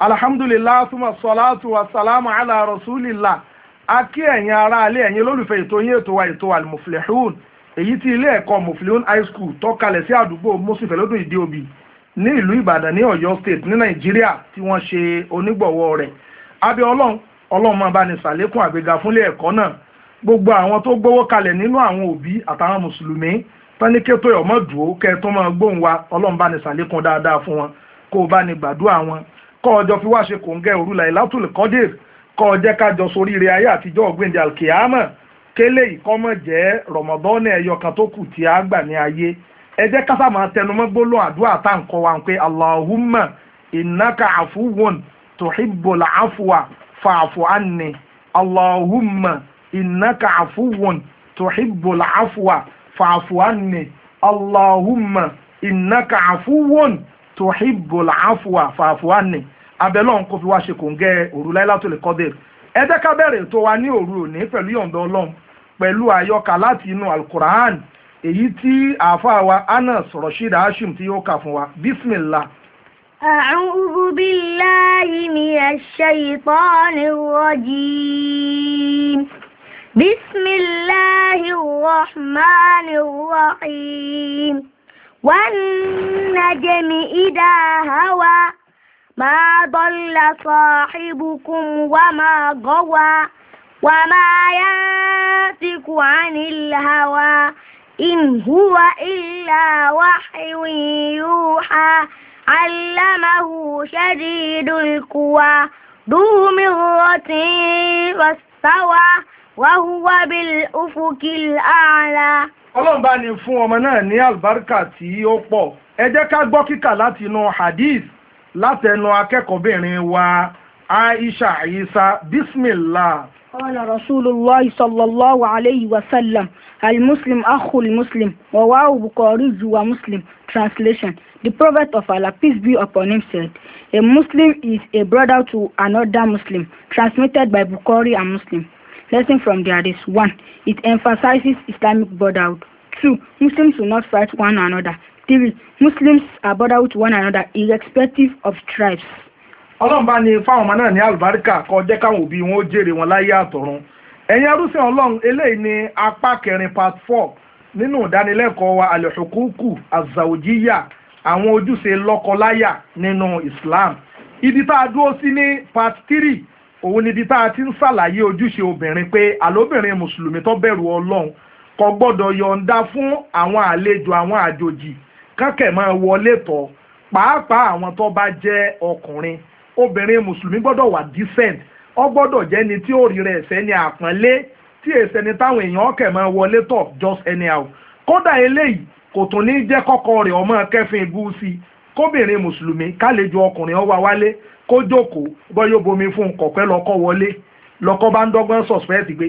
alhamdulillah suma salatu wa salamu ala rasulillah a kí ẹ̀yin ará alẹ́ ẹ̀yin olólùfẹ́ ètò yín ètò wa ètò almuflihun èyí tí ilé ẹ̀kọ́ muflihun high school tọ́kalẹ̀ sí àdúgbò mọ́sífẹ́ lọ́dún ìdí òbí ní ìlú ìbàdàn ní ọ̀yọ́ state ní nàìjíríà tí wọ́n ṣe onígbọ̀wọ́ rẹ̀ abẹ́ ọlọ́run ọlọ́run máa bá ní sàlékún àgbéga fúnlé ẹ̀kọ́ náà gbogbo àwọn tó gbowó kalẹ̀ nínú àwọn òbí àtàwọn mùsùlùmí táníkétò ọmọdùó kẹ́ẹ̀ tó máa gbóhùn wa ọlọ́run bá ní sàlékún dáadáa fún wọn kó o bá ní gbàdúrà wọn kọ́ ọjọ́ fi wá ṣe kòǹgẹ́ òru lailatul qadir kọ́ ọjẹ́ kájọ soríire ayé àtijọ́ ọ̀gbìndì alkiyama kélé ìkọ́mọ̀ jẹ́ rọ̀mọ̀dọ́nà ẹ̀yọ kan tó kù tí a gbà ní ayé ẹ jẹ́ ká sáà máa tẹnumọ́ gbólóhùn àdúrà tá à kọ́ wa pé allahumma innaka afuwun tuhibbul afwa fa'fu anni allahumma innaka afuwun tuhibbul afwa fa'fu anni allahumma innaka afuwun tuhibbu làáfùwà fàáfùwà nì abẹ́lọ́n kò fi wá ṣe kòǹgẹ́ òru láìláàtò lè kọ́dẹ̀ ẹ jẹ́ ká bẹ̀rẹ̀ tó wa ní òru òní pẹ̀lú yọ̀ǹda ọlọ́run pẹ̀lú àyọkà láti inú alukur'an èyí tí àáfàá wa anas rashid hashim tí yóò kà fún wa bismillah. a'udhu billahi minash shaytanir rajim bismillahir rahmanir rahim. والنجم إذا هوى ما ضل صاحبكم وما غوى وما ينطق عن الهوى إن هو إلا وحي يوحى علمه شديد القوى ذو مرة فاستوى wáhúwá bí ufukil ààrá. ọlọ́run bá ní fún ọmọ náà ní àlùbáríkà tí ó pọ̀ ẹ jẹ́ ká gbọ́ kíkà láti inú hadith látẹnu akẹ́kọ̀ọ́bìnrin wa aisha isa bismillah. قال رسول الله صلى الله عليه وسلم المسلم أخو المسلم وواو بخاري ومسلم translation The Prophet of Allah, peace be upon him, said, A Muslim is a brother to another Muslim, transmitted by Bukhari and Muslim. Lesson from the Hadith one: It emphasizes Islamic brotherhood. Two: Muslims will not fight one another. Three: Muslims are brother with one another irrespective of tribes. Ọlọ́run bá fáwọn ọmọ náà ní àlùbáríkà kó jẹ́ káwọn òbí wọn ó jèrè wọn láyé àtọ̀run. Ẹ̀yin arúsìn Ọlọ́run eléyìí ni apá kẹrin part four nínú ìdánilẹ́kọ̀ọ́ wa al-huququ àwọn ojúṣe lọ́kọláya nínú Islam. Ibi tá a dúró sí ní part three òun níbi tá a ti ń ṣàlàyé ojúṣe obìnrin pé àlóbìnrin mùsùlùmí tó bẹ̀rù ọlọ́run kò gbọ́dọ̀ yọ̀ǹda fún àwọn àlejò àwọn àjòjì kánkẹ̀ máa wọlé tọ̀ pàápàá àwọn tó bá jẹ́ ọkùnrin obìnrin mùsùlùmí gbọ́dọ̀ wà decent ó gbọ́dọ̀ jẹ́ ni tí òrì rẹ̀ ẹ̀sẹ̀ ni àpọ́nlé tí èsẹ̀ ni táwọn èèyàn kẹ̀ máa wọlé tọ̀ just anyhow kódà eléyìí kò tún ní jẹ́ kọ́kọ́ rẹ̀ ọmọ kẹfìn bú sí kóbìnrin mùsùlùmí kálejò ọkùnrin ó wá wálé kó jókòó bọ́ yóò bomi fún kọ̀pẹ́ lọ́kọ́ wọlé lọ́kọ́ bá ń dọ́gbọ́n suspect pé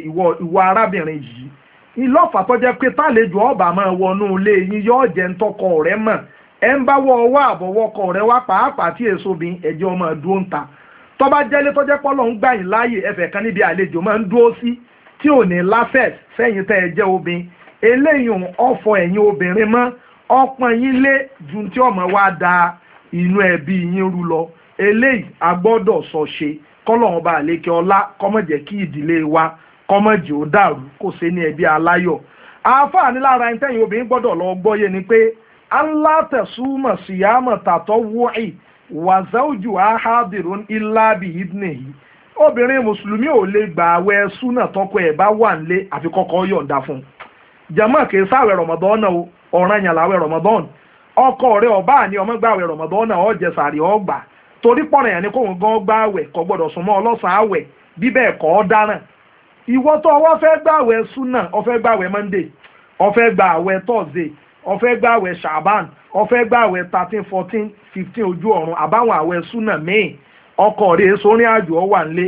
arábìnrin yìí ìlọ́fà tó jẹ́ pé tálejò ọ̀bà máa wọnú ilé yín yóò jẹ́ ń tọkọ rẹ mọ̀ ẹ ń bá wọ ọwọ́ àbọ̀wọ́kọ rẹ wá pàápàá tí èso ẹ̀jẹ̀ ọmọ ń ta tó bá jẹ́lé tó jẹ́ pọ́lọ́ ń gbà láàyè ẹ̀fẹ̀ kan ní ju tí wa da eléyìí a gbọ́dọ̀ sọ ṣe kọ́lọ́run bá àlékè ọlá kọ́mọ̀jẹ́ kí ìdílé wa kọ́mọ̀jẹ́ ó dàrú kò sí ní ẹbí aláyọ̀ àáfààní lára ẹni tẹ́yìn obìnrin gbọ́dọ̀ lọ ni pé alátẹ̀súmọ̀ síyámọ̀ tàtọ́ wọ́ọ̀ì wàzáùjù ahádìrún ìlàbí ìdínìyí obìnrin mùsùlùmí ò lè gbà àwẹ̀ súnà tọkọ ẹ̀ bá wà àfi kọ́kọ́ yọ̀ǹda fún un o ọkọ torí pọ̀rọ̀ yẹn ni kóun gan gbá àwẹ̀ kò gbọ́dọ̀ sùn mọ́ ọlọ́sàn àwẹ̀ bí bẹ́ẹ̀ kọ́ ọ́ dáràn ìwọ tó ọwọ́ fẹ́ gbá àwẹ̀ súnà ọfẹ́ gbá àwẹ̀ monday ọfẹ́ gbá àwẹ̀ thursday ọfẹ́ gbá àwẹ̀ shaban ọfẹ́ gbá àwẹ̀ thirteen fourteen fifteen ojú ọ̀run àbáwọn àwẹ̀ súnà míì ọkọ rẹ̀ sórin àjò ọ wà nílé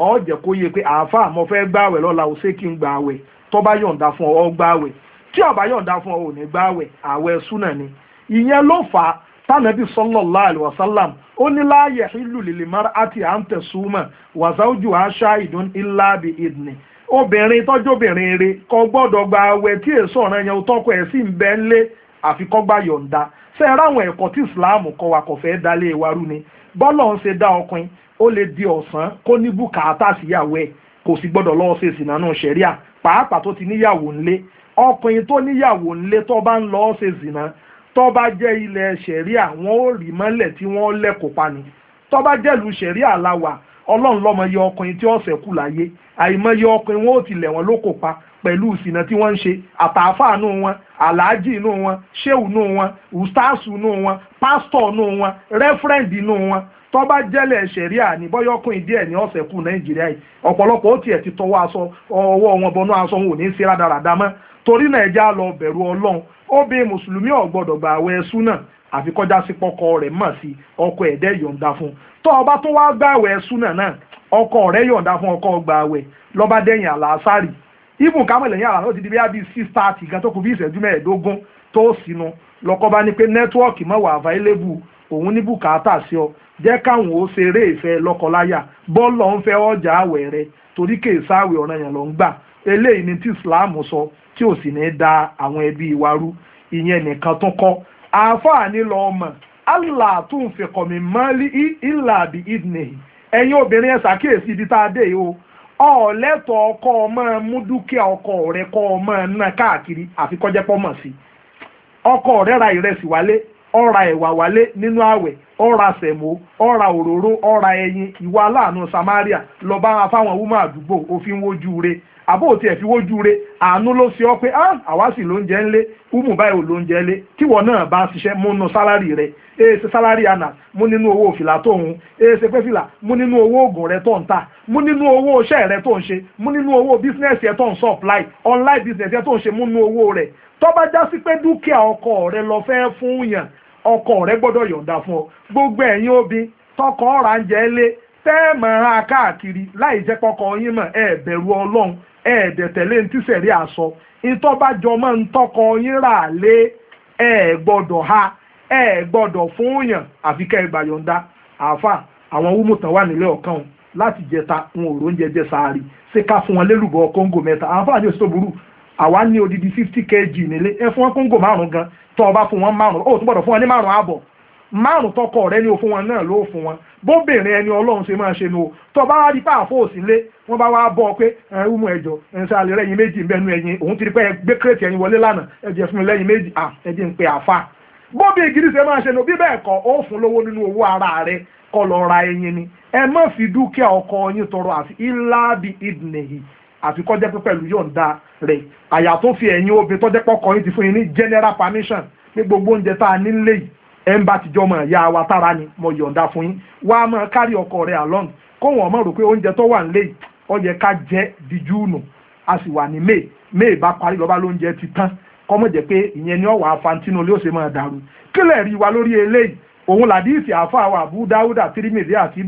ọ jẹ́ kó yẹ pé àáfà mo fẹ́ gbá àwẹ̀ lọ́la ò sé kí n gbá àwẹ̀ tó bá yọ̀ǹda fún ọ gbá àwẹ̀ tí ó bá yọ̀ǹda fún ọ ò ní gbá àwẹ̀ àwẹ̀ súnà ni ìyẹn ló fà á tánàbí sallallahu alaihi wasallam ó ní la yahillu lil mar'ati an tasuma wa zawjuha shahidun illa bi idni obìnrin tọ́jọ́bìnrin rẹ̀ kò gbọ́dọ̀ gba àwẹ̀ tí èso ọ̀ràn yẹn tọ́kọ ẹ̀ sì ń bẹ ńlé àfi kó gba yọ̀ǹda ṣe é ráwọn ẹ̀kọ́ tí islam kọ́ wa kò fẹ́ dalé ìwarú ni bọ́lọ̀ ń ṣe dá ọkùnrin ó lè di ọ̀sán kó ní bùkátà síyàwó ẹ̀ kò sì gbọ́dọ̀ lọ́wọ́ ṣe ìsìn nánú ṣẹ̀ríà pàápàá tó ti níyàwó ńlé ọkùnrin tó níyàwó ńlé tó bá ń lọ́ọ́ ṣe ìsìn tó bá jẹ́ ilẹ̀ ṣẹ̀ríà wọ́n ó rí mọ́lẹ̀ tí wọ́n lẹ́kọ̀ọ́ pani tó bá jẹ́lu ṣẹ̀ríà làwà ọlọ́run lọ́mọ yẹ ọkùnrin tí ọ̀sẹ̀ kù láyé àìmọye ọkùnrin wọn ò tilẹ̀ wọn ló pa pẹ̀lú ìsìnà tí wọ́n ń ṣe àtàáfàá nù wọn aláàjì nù wọn ṣéwù nù wọn ustaasu nù wọn pásítọ̀ nù wọn rẹ́fúrẹ́ǹdì nù wọn tó bá jẹ́lẹ̀ ṣẹ̀ríà ní bọ́yọ́kùnrin díẹ̀ ní ọ̀sẹ̀ kù nàìjíríà yìí ọ̀pọ̀lọpọ̀ ó tiẹ̀ ti tọwọ́ aṣọ ọwọ́ wọn bọnú aṣọ wọn ò ní í ṣe rádaràda mọ́ torí náà ẹja lọ bẹ̀rù ọlọ́run ó bí mùsùlùmí ò gbọ́dọ̀ gba àwẹ̀ súnà àfi kọjá sí pọkọ rẹ̀ mọ̀ sí ọkọ ẹ̀dẹ́ yọ̀ǹda fún tó o bá tún wá gba àwẹ̀ súnà náà ọkọ rẹ̀ yọ̀ǹda fún ọkọ gba àwẹ̀ lọ́ba dẹ́yìn àlàásárì ibùn kámẹ́lẹ̀ yẹn àlàáfíà ó ti di bí abí six thirty gan tó kù bí ìṣẹ́jú mẹ́ẹ̀ẹ́dógún tó sínú lọ́kọ́ bá ní pé nẹ́tíwọ́ọ̀kì mọ̀ wà available òun ní bùkátà sí ọ jẹ́ káwọn ó ṣeré ìfẹ́ lọ́kọláyà bọ́ọ̀lù ọ̀hún fẹ́ ọjà àwẹ̀ rẹ torí kèésáàwẹ̀ ọ̀ranyàn ló ń gbà eléyìí ni tí Islam sọ tí ò sì ní da àwọn ẹbí wa rú ìyẹn nìkan tó kọ́ àǹfààní lọ ọmọ allah tún fi kọ̀mí mọ́lí ilà bí ìdìnnìyí ẹ̀yin obìnrin ẹ̀ ṣàkíyèsí ibi tá a dé yìí o ọ̀lẹ́tọ̀ ọkọ ọmọ mú dúkìá ọkọ rẹ kọ ọmọ náà káàkiri àfi kọjá sí ọkọ rẹ ra ìrẹsì wálé ọ̀ra ẹ̀wà wálé nínú ààwẹ̀ ọ̀ra sẹ̀mó ọ̀ra òróró ọ̀ra ẹyin ìwà aláàánú samaria lọ bá wọn fáwọn wúmọ̀ àdúgbò òfin wojú re àbó òtí ẹ̀ fi wojú re àánú ló ṣe ọ́ pé ah àwa sì lóúnjẹ ńlé wúmù báyìí ò lóúnjẹ ńlé tíwọ náà bá ṣiṣẹ́ múnú sálárì rẹ èé ṣe sálárì àná mú nínú owó fìlà tó ń èé pé fìlà mú nínú owó oògùn rẹ tó ń tà mú nínú owó iṣẹ́ rẹ tó ń ṣe mú nínú owó bísínẹ́sì ẹ tó ń supply online business ẹ tó ń ṣe mú nínú owó rẹ tó bá já sí pé dúkìá ọkọ rẹ lọ fẹ́ fún yàn ọkọ rẹ gbọ́dọ̀ yọ̀ǹda fún ọ gbogbo ẹ̀yin obìn tọkọ ọ̀rà ń jẹ́ lé tẹ́ẹ̀mọ̀ ra káàkiri láì jẹ́ pọkọ yín mọ̀ ẹ bẹ̀rù ọlọ́run ẹ dẹ̀ tẹ̀lé ní tíṣẹ̀rí àṣọ ìtọ́ bá jọmọ́ ń tọkọ yín rà lé ẹ gbọ́dọ̀ ha ẹ gbọ́dọ̀ fún yàn àfi kẹ́ ẹ gbà yọ̀ǹda àáfà àwọn wúmù tán wà nílé ọ̀kan láti jẹta wọn ò róúnjẹ jẹ sáárì ṣé ká fún wọn lélùbọ̀ kóńgò mẹ́ta àáfà ni òṣìṣẹ́ burú àwa ní odidi fifty kg nílé ẹ fún wọn kóńgò márùn gan tó o bá fún wọn márùn ó tún gbọ́dọ̀ fún wọn ní márùn ààbọ̀ márùn tọkọ rẹ ní o fún wọn náà ló fún wọn bóbìnrin ẹni ọlọ́run ṣe máa ṣe ni o tó o bá wá rí pààfó òsínlé wọn bá wá bọ ọ pé ẹ ń mú ẹjọ ẹ ń sá alẹ rẹyìn méjì nbẹnu ẹyin òun ti rí pé ẹ gbé kírètì ẹyin wọlé lánàá ẹ jẹ fún mi méjì à ẹ jẹ ń pe àfa bóbi ìgírí ṣe máa ṣe nu bí bẹ́ẹ̀ kọ́ ó fún lówó nínú owó ara rẹ kọ́ lọ ra ẹyin ni ẹ má fi dúkìá ọkọ yín tọrọ àfi ìlà bíi ìdìnnìyìí àfi kó jẹ́ pé pẹ̀lú yọ̀ǹda rẹ̀ àyà tó fi ẹ̀yin obìnrin tó jẹ́ pọ́kọ yín ti fún yín ní general permission pé gbogbo oúnjẹ tá a nílé yìí ẹ̀ ń mọ̀ ya wa tára ni mo yọ̀ǹda fún yín wá á máa kárí ọkọ rẹ̀ along kó wọ́n mọ̀ rò pé oúnjẹ tó wà nílé yìí ó yẹ ká jẹ di júùnù a sì wà ní may may bá parí lọ́ba lóúnjẹ ti tán kọ́mọ̀ jẹ́ pé ìyẹn ni ọ̀wà afantino ló ṣe máa dàrú kílẹ̀ rí wa lórí eléyìí òun làdíìsì àáfàá wa àbúdáwúdà tírímìdì àti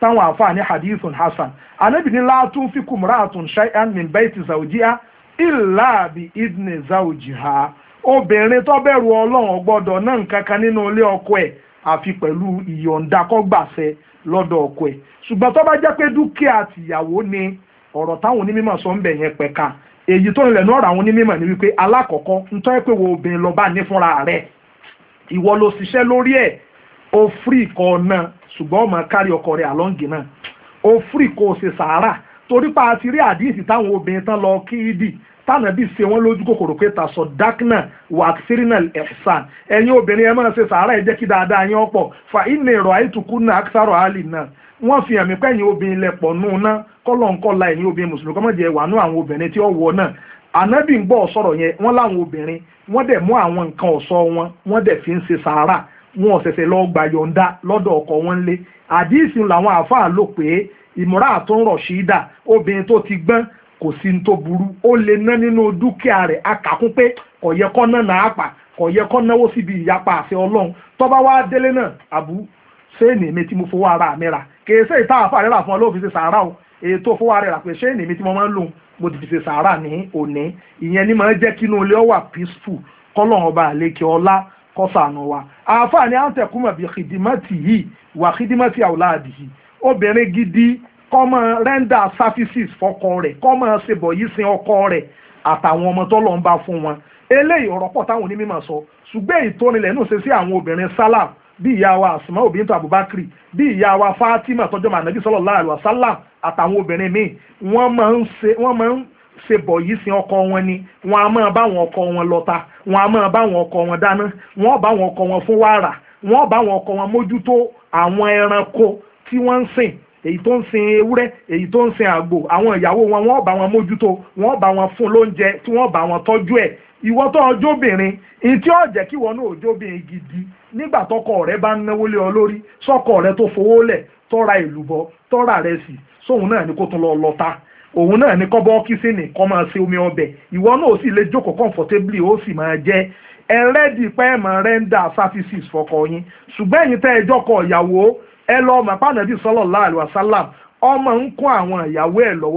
táwọn àáfàá ní hadithun hasan anabi ní látún fi kùmùràtún shay'an min baiti zawjiha illa bi idni zawjiha obìnrin tó bẹ̀rù ọlọ́run gbọ́dọ̀ náà nǹkan nínú ilé ọkọ ẹ̀ àfi pẹ̀lú ìyọ̀ǹda kọ́gbàṣẹ lọ́dọ̀ ọkọ ẹ̀ ṣùgbọ́n tó bá jẹ́ pé dúkìá tìyàwó ni ọ̀rọ̀ táwọn onímọ̀ sọ ń bẹ̀ yẹn pẹ̀ka èyí tó nílẹ̀ náà àwọn onímọ̀ ni wípé alákọ̀ọ́kọ́ ń tọ́ ẹ pé wo obìnrin lọ́ba ní fúnra rẹ̀ ìwọ ló ṣiṣẹ́ lórí ẹ̀ o free kọ náà ṣùgbọ́n ọmọ kárí ọkọ rẹ̀ àlọ́ǹgì náà o free kọ ṣe sàárà torí pa àti rí àdíìsì táwọn obìnrin tán lọ kí ìdì tánàbí ṣe wọn lójú kòkòrò pé tàṣọ dákínà wàksírínà ẹ̀sán ẹ̀yin obìnrin ẹ máa ṣe sàárà ẹ jẹ́ kí dáadáa yín ọ̀pọ̀ fa ìnà èrò àìtùkú náà àkísàrọ̀ àálì náà wọ́n fi hàn mí pé ẹ̀yin obìnrin lẹ̀pọ̀ nù náà kọ́lọ̀ǹkọ́lá ẹ̀yin obìnrin mùsùlùmí kọ́mọ̀jẹ̀ wà nú àwọn obìnrin tí ó wọ náà ànábì ń gbọ́ sọ̀rọ̀ yẹn wọ́n láwọn obìnrin wọ́n dẹ̀ mú àwọn nǹkan ọ̀ṣọ́ wọn wọ́n dẹ̀ fi ń ṣe sàárà wọn ṣẹ̀ṣẹ̀ lọ gbà yọ̀ǹda lọ́dọ̀ ọkọ wọn lé àdíìsì làwọn àáfàá lò pé ìmúra àtún rọ̀ṣídà obìnrin tó ti gbọ́n kò sí ní tó burú ó lè ná nínú dúkìá rẹ̀ akàkún pé kò yẹ kó ná náà pa kò yẹ kó náwó síbi ìyapa àṣẹ ọlọ́run tó bá wá délé náà àbú ṣéènì èmi tí mo fowó ara mi rà kèé ìta àfa rẹ̀ rà fún ọlọ́run fi ṣe sàárà o èyí tó fowó ara rà pé ṣéènì èmi tí mo máa ń lò mo ti fi ṣe sàárà ní òní ìyẹn ni máa ń jẹ́ kínú ilé ọ wà peaceful kọ́lọ́run ọba àlekè ọlá kọ́sàánú wa àáfàá ni à ń tẹ̀kúmọ̀ bíi kìdìmọ́tì yìí wà kìdìmọ́tì àwòláàdì yìí obìnrin gidi kọ́mọ rẹ́ńdà services fọkọ rẹ̀ kọ́mọ ṣèbọ̀ yìí sin ọkọ rẹ̀ àtàwọn ọmọ tó lọ ń bá fún wọn eléyìí ọ̀rọ̀ pọ̀ táwọn onímọ̀ sọ ṣùgbọ́n èyí tó nílẹ̀ náà ṣe sí àwọn obìnrin sálàm bí ìyá wa àsìmọ́ obìnrin tó àbúbákiri bí ìyá wa Fatima tọ́jọ́ mànàbí sallallahu alaihi wasallam àtàwọn obìnrin míì wọ́n máa ń ṣe bọ̀ yìí sin ọkọ wọn ni wọn a máa bá wọn ọkọ wọn lọ́ta wọn a máa bá wọn ọkọ wọn dáná wọn bá wọn ọkọ wọn fún wàrà wọn bá wọn ọkọ wọn mójútó àwọn ẹranko tí wọ́n ń sìn èyí tó ń sin ewúrẹ́ èyí tó ń sin àgbò àwọn ìyàwó wọn wọn bá wọn mójútó wọn bá wọn fún lóúnjẹ tí wọn bá wọn tọ́jú ẹ̀ ìwọ tó ọjọ́bìnrin ìtí ọ̀jẹ̀ kí wọn náà ọjọ́bìnrin gidi nígbà tọkọ rẹ bá ń náwó lé ọ lórí sọkọ rẹ tó fowó lẹ̀ tọ́ra ìlúbọ tọ́ra rẹ sì sóun náà ni kó tún lọ lọ́ta òun náà ní kọ́bọ́ kísìnì kọ́ máa se omi ọbẹ̀ ìwọ náà ó sì lè jókòó comfortably ó sì máa jẹ́ ẹ rẹ́ẹ̀dì pẹ́ẹ́mọ̀ rẹ́ńdà services fọkọ yín ṣùgbọ́n ẹ̀yin tẹ́ ẹ jọkọ ìyàwó ẹ lọ́ọ́ mọ̀ pàdánù ọmọ ń kún àwọn ìyàwó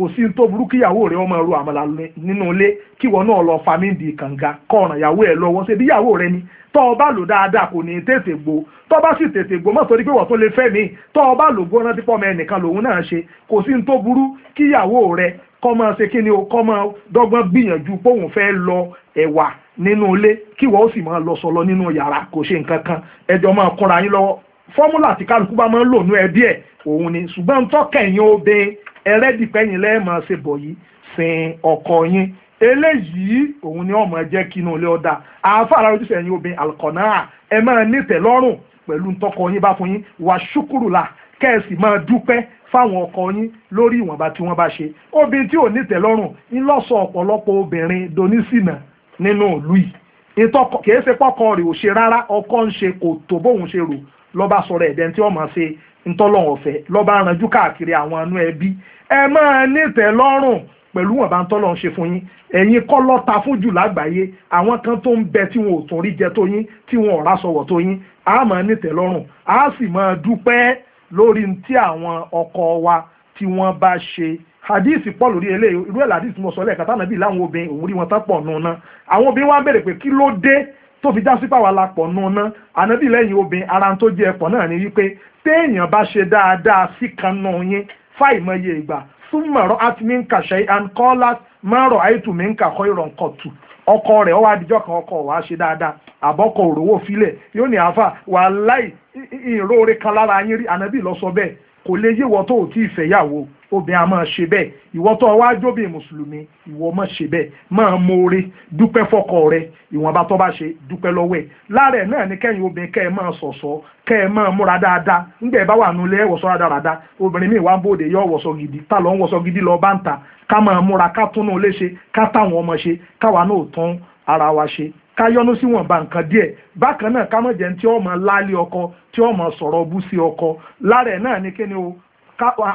kò sí tó burú kíyàwó rẹ ọmọ ẹrú àmàlà nínú ilé kíwọ náà lọ fa mídìí kànga kọràn ìyàwó ẹ lọ́wọ́ ṣe bí ìyàwó rẹ ni tọ́ ọ bá lò dáadáa kò ní tètè gbó tọ́ bá sì tètè gbó mọ́ torí pé wọ́n tó lè fẹ́ mi tọ́ ọ lò gbó rántí pọ́ ọmọ ẹnìkan lòun náà ṣe kò sí tó burú kíyàwó rẹ kọ́mọ ṣe kí ni o kọ́mọ dọ́gbọ́n gbìyànjú póun fẹ́ lọ ẹ̀wà nínú ilé kíwọ́ ó sì máa lọ sọ̀lọ nínú yàrá kò ṣe nǹkan kan ẹjọ́ máa kúnra yín lọ́wọ́ fọ́múlà tí kálukú bá máa ń lò nú ẹbí ẹ̀ òun ni ṣùgbọ́n tọ́kẹ̀yìn obìnrin ẹlẹ́dìpẹ́yìn lẹ́ẹ̀mọ́ ṣe bọ̀ yìí sin ọkọ yín eléyìí òun ni ọmọ jẹ́ kí inú ilé ọ̀dà àáfàá lára ojúṣe ẹ̀yin obìnrin alkọ̀nà ẹ máa nítẹ̀ lọ́rùn pẹ̀lú ntọ́kọ yín bá fún yín wà ṣúkúrù là kẹ́ẹ̀sì máa dúpẹ́ fáwọn ọkọ yín lórí ìwọ̀nba tí wọ́n bá ṣe obìnrin tí ò nítẹ̀ lọ́rùn ńlọ́sọ ọ̀pọ̀lọpọ̀ obìnrin donísìnà nínú ìlú yìí kìí ṣe pọ́kọ rẹ̀ ò ṣe rárá ọkọ ń ṣe kò tó bóun ṣe rò lọ́ba sọ̀rọ̀ ẹ̀dẹ́ tí ọmọ ṣe ntọ́lọ́hún ọ̀fẹ́ lọ́ba ranjú káàkiri àwọn anú ẹbí ẹ máa nítẹ̀ lọ́rùn pẹ̀lú wọn bá ń tọ́lọ́hún ṣe fún yín ẹ̀yin kọ́ lọ́ta fún jù lágbàáyé àwọn kan tó ń bẹ tí wọn ò tún rí jẹ tó yín tí wọn ò rásọwọ̀ tó yín á máa nítẹ̀ lọ́rùn á sì máa dúpẹ́ lórí tí àwọn ọkọ wa tí wọ́n bá ṣe hadisi pọ̀ lórí eléyìí irú ẹ̀ làdísì mọ̀ sọ́lẹ̀ kàtànàbí láwọn obìnrin òun rí wọn tán pọ̀ nù náà àwọn obìnrin wa bèrè pé kí ló dé tó fi já sí pàwọ́ alápọ̀ nù ná ànábì lẹ́yìn obìnrin ara tó jẹ́ ẹ̀pọ̀ náà ni wípé téèyàn bá ṣe dáadáa sí kan nù yín fáìmọye ìgbà súnmọ̀rọ̀ atminka ṣẹ́yàn kọ́lá márọ̀ àìtùmínka kọ́ ìrọ̀ǹkọ̀tù ọkọ rẹ̀ ọwọ́ adijọ́ kan ọkọ wa ṣe dáadáa àbọ̀kọ̀ òrówó filẹ̀ yóò ní àáfà wàláì ìróore kan lára yín ànábì lọ sọ bẹ́ẹ̀ kò lè yé ìwọ tó ò tí ì fẹ́yàwó obìnrin a máa ṣe bẹ́ẹ̀ ìwọ tó wá jóbi mùsùlùmí ìwọ máa ṣe bẹ́ẹ̀ máa moore dúpẹ́ fọ́kọ rẹ ìwọ̀nba tó bá ṣe dúpẹ́ lọ́wọ́ ẹ̀ lára ẹ̀ náà ni kẹ́yìn obìnrin kẹ́ ẹ máa sọ̀sọ́ kẹ́ ẹ máa múra dáadáa ńgbẹ́ bá wà nulẹ̀ ẹ̀wọ̀sọ́ rádaràda obìnrin míì wá bòde yọ ọ̀wọ̀sọ gidi tá lọ́ ń wọ̀sọ gidi lọ bá ń ta ká máa múra ká túnú léṣe ká táwọn ọmọ ṣe káwa náà tún ara wa ṣe ká yọ́nú sí wọn bá nǹkan díẹ̀ bákan náà ká mọ̀ jẹ́ tí ọmọ lálé ọkọ tí ọmọ sọ̀rọ̀ bú sí ọkọ lára ẹ̀ náà ni kíni o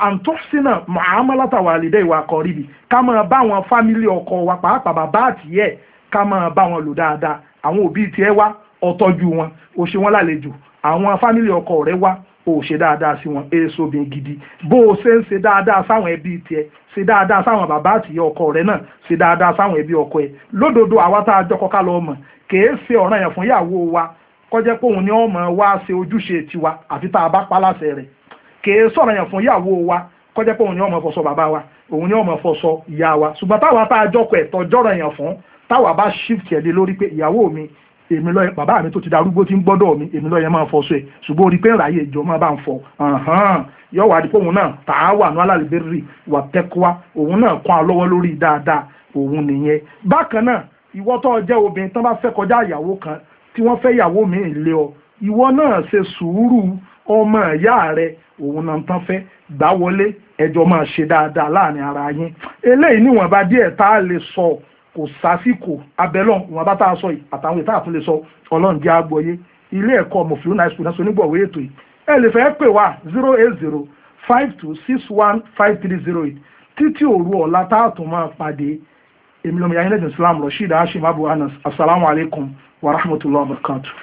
àǹtọ́sínà mọ̀hámálátà wà lédè ìwà àkọ́rìbì ká máa bá wọn fámílì ọkọ wa pàápàá bàbá àtìyẹ́ ká máa bá wọn lò dáadáa àwọn òbí tiẹ̀ wá ọ̀tọ́jú wọn òṣè wọn lálejò àwọn fámìlì ọkọ rẹ wá o ò ṣe dáadáa sí wọn èso obìnrin gidi bó o ṣe ń ṣe dáadáa sáwọn ẹbí tiẹ̀ ṣe dáadáa sáwọn bàbá àtìyẹ ọkọ rẹ náà ṣe dáadáa sáwọn ẹbí ọkọ ẹ lódodo àwa tá a jọkọ ká lọ mọ̀ kèé ṣe ọ̀ràn yẹn fún ìyàwó wa kọjá pé òun ni ọmọ wa ṣe ojúṣe tiwa àfi tá a bá pa láṣẹ rẹ̀ kèé sọ̀rọ̀ yẹn fún ìyàwó wa kọjá pé òun ni ọmọ fọṣọ bàbá wa òun ni ọmọ fọṣọ ìyá wa ṣùgbọ́n táwa tá a jọkọ̀ ẹ̀tọ́ jọ̀rọ̀ yẹn fún táwa bá shift ẹ̀ lé lórí pé ìyàwó mi èmi lọ́yẹ bàbá mi tó ti darúgbó ti ń gbọ́dọ̀ mi èmi lọ́yẹ máa fọṣọ ẹ̀ ṣùgbọ́n orí pé ìráyè ìjọ máa bá ń fọ yóò wá dípò òun náà tá a wà ní alálìbẹ́rì wà tẹ́kọ́wá òun náà kọ́ ọ lọ́wọ́ lórí dáadáa òun nìyẹn bákan náà ìwọ tó jẹ́ obìnrin tán bá fẹ́ kọjá ìyàwó kan tí wọ́n fẹ́ ìyàwó míì lé ọ ìwọ náà ṣe sùúrù ọmọ ìyá rẹ òun náà tán fẹ́ gbá wọlé ẹjọ́ máa ṣe dáadáa láàrin ara yín eléyìí níwọ̀nba díẹ̀ tá a lè sọ kò sásìkò abẹ́lọ́n ìwọ̀n bá tá a sọ yìí àtàwọn ìta àtúnlé sọ ọlọ́run jẹ́ àgbọ̀yé ilé ẹ̀kọ́ mọ̀fìlú náà school náà onígbọ̀wé ètò yìí ẹ lè fẹ́ pè wá zero eight zero five two six one five three zero eight títí òru ọ̀la tá a tún máa pàdé èmi lọ́mọ yàrá ilẹ̀ islam rashid hashim abu anas asalaamualeykum wa rahmatulahi wa barakatuh.